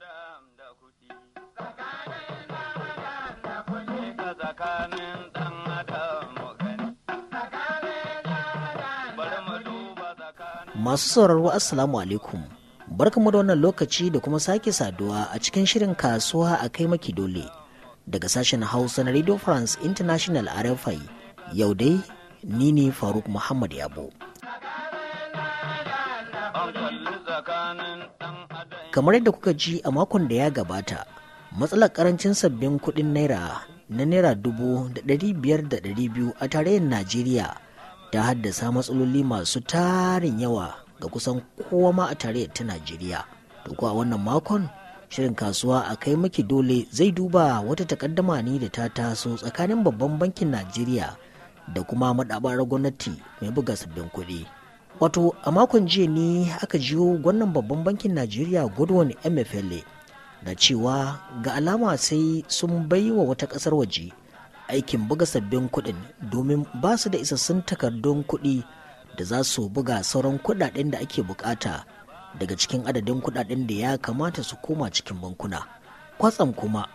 da Masu sauraro Assalamu alaikum. Barkamu da wannan lokaci da kuma sake saduwa a cikin shirin kasuwa a kai maki dole daga sashen Hausa na Radio France International RFI yau dai ni ne Faruk Muhammad Yabo. kamar yadda kuka ji a makon da ya gabata matsalar karancin sabbin kuɗin naira na naira dubu da ɗari biyar da ɗari biyu a tarayyar najeriya ta haddasa matsaloli masu tarin yawa ga kusan kowa ma a tarayyar ta najeriya to a wannan makon shirin kasuwa a kai maki dole zai duba wata takaddama ne da ta taso tsakanin babban bankin najeriya da kuma madabarar gwamnati mai buga sabbin kuɗi wato a makon jiya ne aka jiyo gwannan babban bankin najeriya godwin mfla na cewa ga alama sai sun bai wa wata kasar waje aikin buga sabbin kuɗin domin ba su da isassun takardun kuɗi da za su buga sauran kuɗaɗen da ake bukata daga cikin adadin kuɗaɗen da ya kamata su koma cikin bankuna kwatsam kuma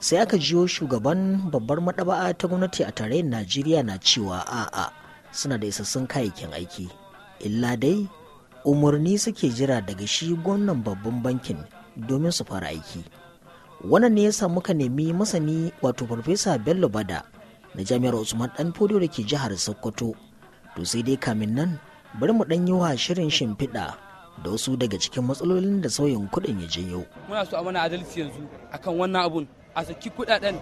sai aka jiyo shugaban babbar maɗaba'a ta gwamnati a tarayyar najeriya na cewa a'a suna da isassun kayayyakin aiki illa dai umarni suke jira daga shi gwamnan babban bankin domin su fara aiki wannan ne yasa muka nemi masani wato farfesa bello bada na jami'ar usman dan fodo da ke jihar sokoto to sai dai kamin nan bari mu dan yi wa shirin shimfiɗa da wasu daga cikin matsalolin da sauyin kuɗin ya janyo muna so a mana adalci yanzu akan wannan abun a saki kuɗaɗen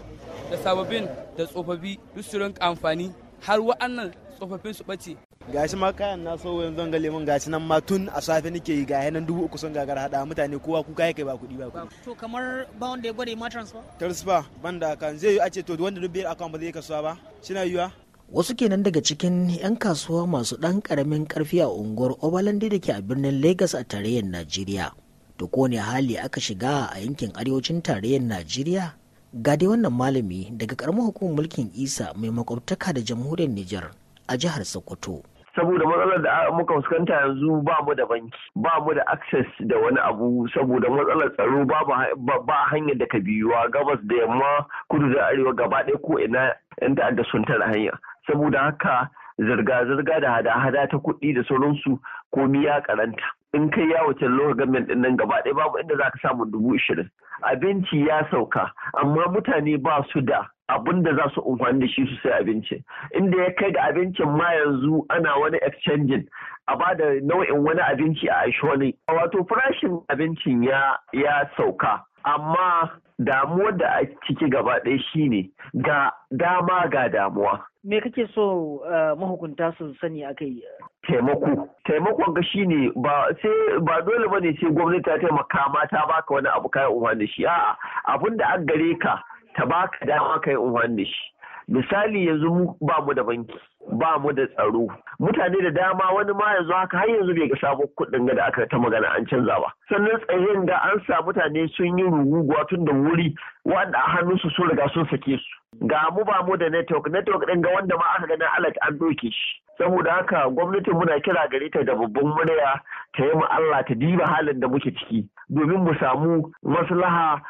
da sababbin da tsofaffi duk su amfani har wa'annan tsofaffin su ɓace gashi ma kayan na so yanzu ga lemun gashi nan ma tun a safe nake yi gashi nan dubu uku sun gagara hada mutane kowa kuka yake ba kuɗi ba kuɗi to kamar ba wanda ya gwada ma transfer transfer banda kan zai yi a ce to wanda duk biyar akan ba zai kasuwa ba shina yiwa wasu kenan daga cikin 'yan kasuwa masu ɗan ƙaramin ƙarfi a unguwar obalande da ke a birnin lagos a tarayyar najeriya da kowane hali aka shiga a yankin arewacin tarayyar najeriya ga dai wannan malami daga ƙaramin hukumar mulkin isa mai makwabtaka da jamhuriyar niger a jihar sokoto saboda matsalar da muka fuskanta yanzu ba mu da banki ba mu da access da wani abu saboda matsalar tsaro ba hanyar da ka biyuwa gabas da yamma kudu da arewa gaba ɗaya ko ina yan ta'adda sun tara hanya saboda haka zirga-zirga da hada-hada ta kuɗi da sauransu komi ya karanta in kai ya can lokacin government din nan gaba ɗaya babu inda za ka samu dubu ishirin abinci ya sauka amma mutane ba su da abin da za su amfani da shi su sai abinci inda ya kai ga abincin ma yanzu ana wani exchanging a ba da nau'in wani abinci a aishi wato farashin abincin ya sauka amma damuwa da a ciki gaba ɗaya shine ga dama ga damuwa me kake so eh, mahukunta su sani akai taimako taimakon ga shine ba dole ba ne sai gwamnati ta taimaka ma ta baka wani abu kai umarni shi a'a abin da an gare ka ta baka dama kai umarni shi misali yanzu mu ba mu da banki ba mu da tsaro mutane da dama wani ma yanzu haka har yanzu bai ga sabon kuɗin da aka ta magana an canza ba sannan tsayin da an sa mutane sun yi ruguwa tun da wuri wanda a su sun riga sun sake su ga mu ba mu da network network ɗin ga wanda ma aka gani alat an doke shi saboda haka gwamnatin muna kira gare ta da babban murya ta yi Allah ta diba halin da muke ciki domin mu samu maslaha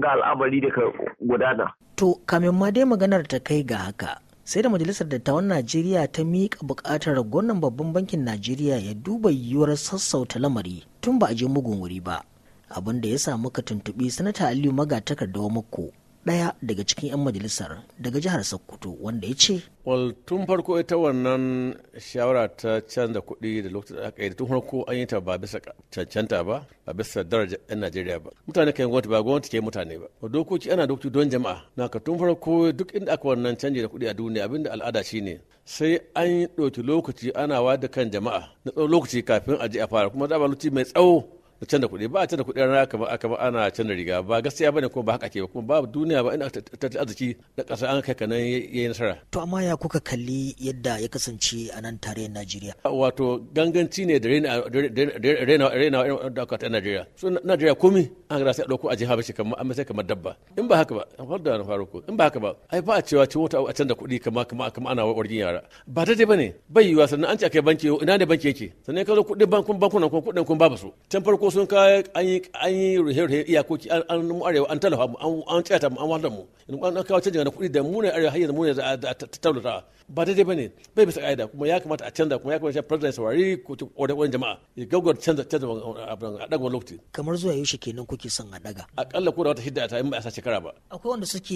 ga al'amari da ka gudana To, kamin ma dai maganar ta kai ga haka, sai da Majalisar Dattawan Najeriya ta miƙa buƙatar gwamnan babban bankin Najeriya ya duba yiwuwar sassauta lamari tun ba a je mugun wuri ba. Abin da ya samu ka tuntuɓi sanata Aliyu Magatakar da mako. daya daga cikin 'yan majalisar daga jihar sokoto wanda ya ce wal tun farko ita wannan shawara ta canza kuɗi da lokacin da aka yi tun farko an yi ta ba bisa cancanta ba ba bisa daraja 'yan najeriya ba mutane kan gwamnati ba gwamnati ke mutane ba dokoki ana dokoki don jama'a na ka tun farko duk inda aka wannan canji da kuɗi a duniya abinda al'ada shine sai an yi ɗauki lokaci ana wada kan jama'a na tsawon lokaci kafin a je a fara kuma da lokaci mai tsawo canza kuɗi ba a canza kuɗi rana kamar aka ba ana canza riga ba gaskiya bane ko ba haka ke ba kuma babu duniya ba ina tattalin arziki da ƙasa an kai kanan yayi nasara to amma ya kuka kalli yadda ya kasance a nan tarayyar Najeriya wato ganganci ne da rena rena da aka ta Najeriya so Najeriya komai an ga sai dauko a jiha bace kamar amma sai kamar dabba in ba haka ba har da faruko in ba haka ba ai ba a cewa ci wata a canza kuɗi kamar kamar kamar ana wargin yara ba daidai bane bai yiwa sannan an ce akai banki ina ne banki yake sannan ka zo kuɗin bankun bankunan ko kuɗin kun babu su can farko kuma sun kawo an yi an yi rihe-rihe iyakoki an mu arewa an talafa mu an ta mu an wahalar mu an kawo canjin na kuɗi da mu ne arewa har yanzu mu ne da taulata ba daidai bane bai bisa ka'ida kuma ya kamata a canza kuma ya kamata president saurari ko wani jama'a ya gaggawar canza canza abin a daga wani lokaci kamar zuwa yaushe kenan kuke son a daga aƙalla ko da wata shidda ta yi ba a shekara ba akwai wanda suke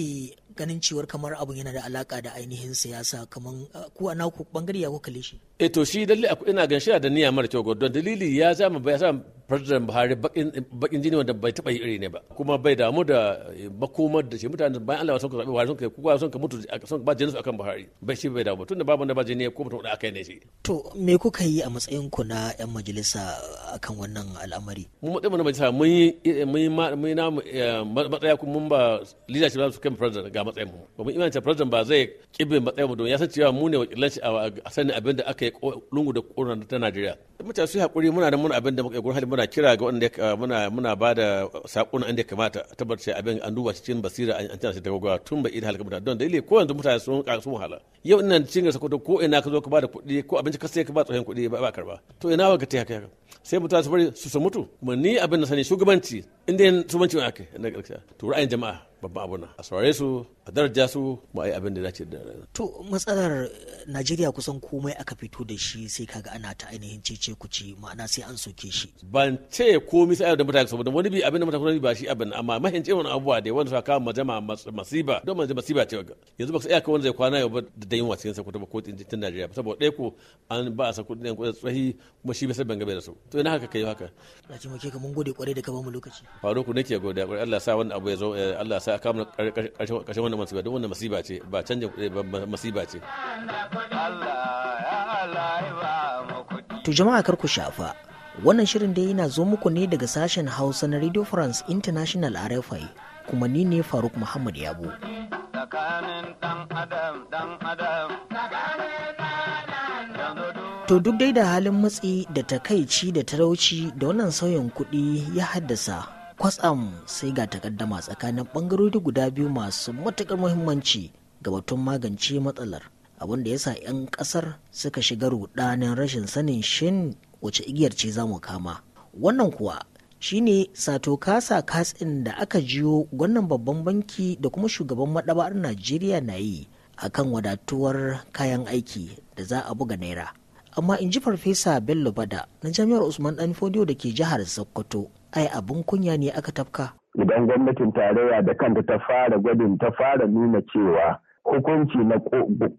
ganin cewar kamar abun yana da alaƙa da ainihin siyasa kamar ku a naku bangare ya kuka shi eh to shi lalle ina ganin shi da niyya mara kyau don dalili ya zama ba ya president buhari bakin jini wanda bai taba yi iri ne ba kuma bai damu da makomar da shi mutane bayan allah sun ka zaɓi buhari sun ka kuka sun ka mutu sun ba jini su akan buhari bai shi bai damu tun da babu wanda ba jini ko mutum da aka yi ne shi. to me kuka yi a matsayin ku na yan majalisa akan wannan al'amari. mun matsayin mu na majalisa mun yi mun yi mun yi namu eh, matsaya kuma mun ba shi ba su kai president ga matsayin mu ba mun imanci president ba zai kibin matsayin mu don ya san cewa mu ne wakilan shi a sanin abin da aka yi lungu da ƙoran ta najeriya. mutane su yi hakuri muna da muna abin da muka yi gurin muna kira ga wanda muna muna ba da sakon inda kamata tabbata abin an duba cikin basira an tana shi daga gwa tun ba idan halka mutane don dalili ko yanzu mutane sun sun wahala yau ina cikin gasa ko ina ka zo ka ba da kuɗi ko abinci ka sai ka ba tsohon kuɗi ba karba to ina ba ka ta haka sai mutane su bari su mutu kuma ni abin da sani shugabanci inda yin shugabanci ma ake ina ga to ra'ayin jama'a babba abuna a saurare su a daraja su ba a yi abin da dace da rana. to matsalar najeriya kusan komai aka fito da shi sai kaga ana ta ainihin cece ku kuce ma'ana sai an soke shi. ban ce komai sai da mutane saboda wani bi abin da mutane ba shi abin amma mahince wani abuwa da wanda saka kama majama masiba don majama masiba ce ga yanzu ba sai aka wanda zai kwana yau ba da yin wasu sakuta ba ko tun najeriya saboda ɗaya ko an ba a sakuta ɗin kuɗin tsahi kuma shi bai ban gabe da su to ina haka kai haka. na ce ka mun gode kwarai da ka ba mu lokaci. faruku nake godiya kwarai Allah sa wannan abu ya zo eh, Allah sa Allah ya ƙarshen wannan masiba wannan masiba ce ba canjin masiba ce. To jama'a kar ku shafa wannan shirin da yana zo muku ne daga sashen Hausa na Radio France International RFI kuma ni ne Faruk Muhammad Yabo. To duk dai da halin matsi da takaici da talauci da wannan sauyin kuɗi ya haddasa kwatsam sai ga takaddama tsakanin bangarori guda biyu masu matuƙar muhimmanci ga batun magance matsalar abin da ya sa 'yan ƙasar suka shiga rudanin rashin sanin shin wace igiyar ce za mu kama wannan kuwa shine sato kasa katsin da aka jiyo wannan babban banki da kuma shugaban maɗaba'ar najeriya na yi a kan wadatuwar kayan aiki da za a buga naira amma in ji farfesa bello bada na jami'ar usman dan fodiyo da ke jihar sokoto ai abun kunya ne aka tafka idan gwamnatin tarayya da kanta ta fara gwadin ta fara nuna cewa hukunci na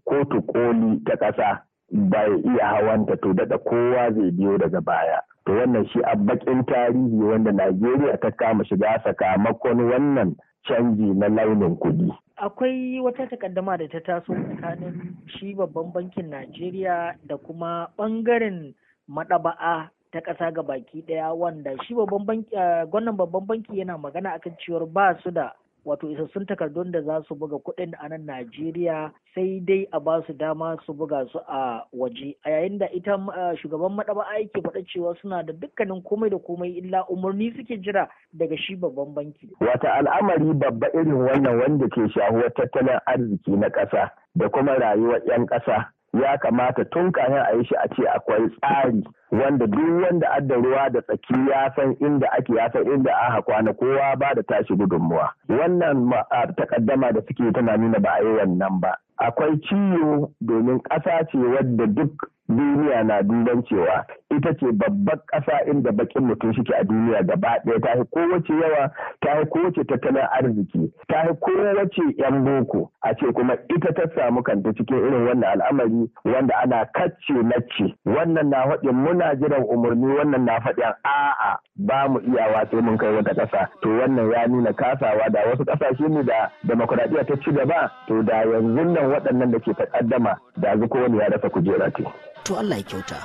kotu koli ta ƙasa ba ya iya hawanta to daga kowa zai biyo daga baya to wannan shi a bakin tarihi wanda najeriya ta kama shiga sakamakon wannan canji na launin kuɗi. akwai wata takaddama da ta taso tsakanin shi babban bankin najeriya da kuma ɓangaren maɗaba'a ta ƙasa ga baki ɗaya wanda shi babban banki gwamnan babban banki yana magana akan cewar ba su da wato isassun takardun da za su buga kuɗin a nan Najeriya sai dai a ba su dama su buga su a waje a yayin da ita shugaban madaba aiki faɗa cewa suna da dukkanin komai da komai illa umarni suke jira daga shi babban banki. Wata al'amari babba irin wannan wanda ke shahuwar tattalin arziki na ƙasa da kuma rayuwar 'yan ƙasa ya kamata tun kafin a yi shi a ce akwai tsari wanda duk wanda adda ruwa da tsaki ya san inda ake ya san inda aka kwana kowa ba da tashi gudunmuwa wannan takaddama da suke tana nuna ba a yi wannan ba akwai ciwo domin ƙasa ce wadda duk duniya na duban cewa ita ce babbar ƙasa inda bakin mutum shike a duniya gaba ɗaya ta kowace yawa ta kowace tattalin arziki ta kowace yan boko a ce kuma ita ta samu kanta cikin irin wannan al'amari wanda ana kacce nacce wannan na faɗin muna jiran umarni wannan na faɗin a'a ba mu iya sai mun kai wata ƙasa to wannan ya nuna kasawa da wasu ƙasashe ne da demokuraɗiyya ta ci gaba to da yanzu nan waɗannan da ke taƙaddama da zu kowane ya rasa kujera ce. to Allah ya kyauta.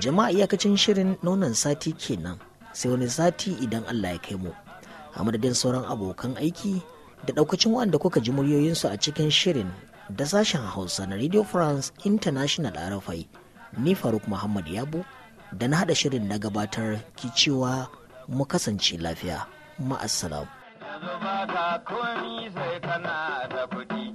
jama'a iyakacin shirin nonon sati kenan sai wani sati idan Allah ya kai mu a madadin sauran abokan aiki da ɗaukacin wanda kuka ji muryoyinsu a cikin shirin da sashen hausa na radio france international arafai ni faruk muhammad yabo da na haɗa shirin na gabatar ki cewa mu kasance lafiya ma'assalam. komi sai kana da kuɗi.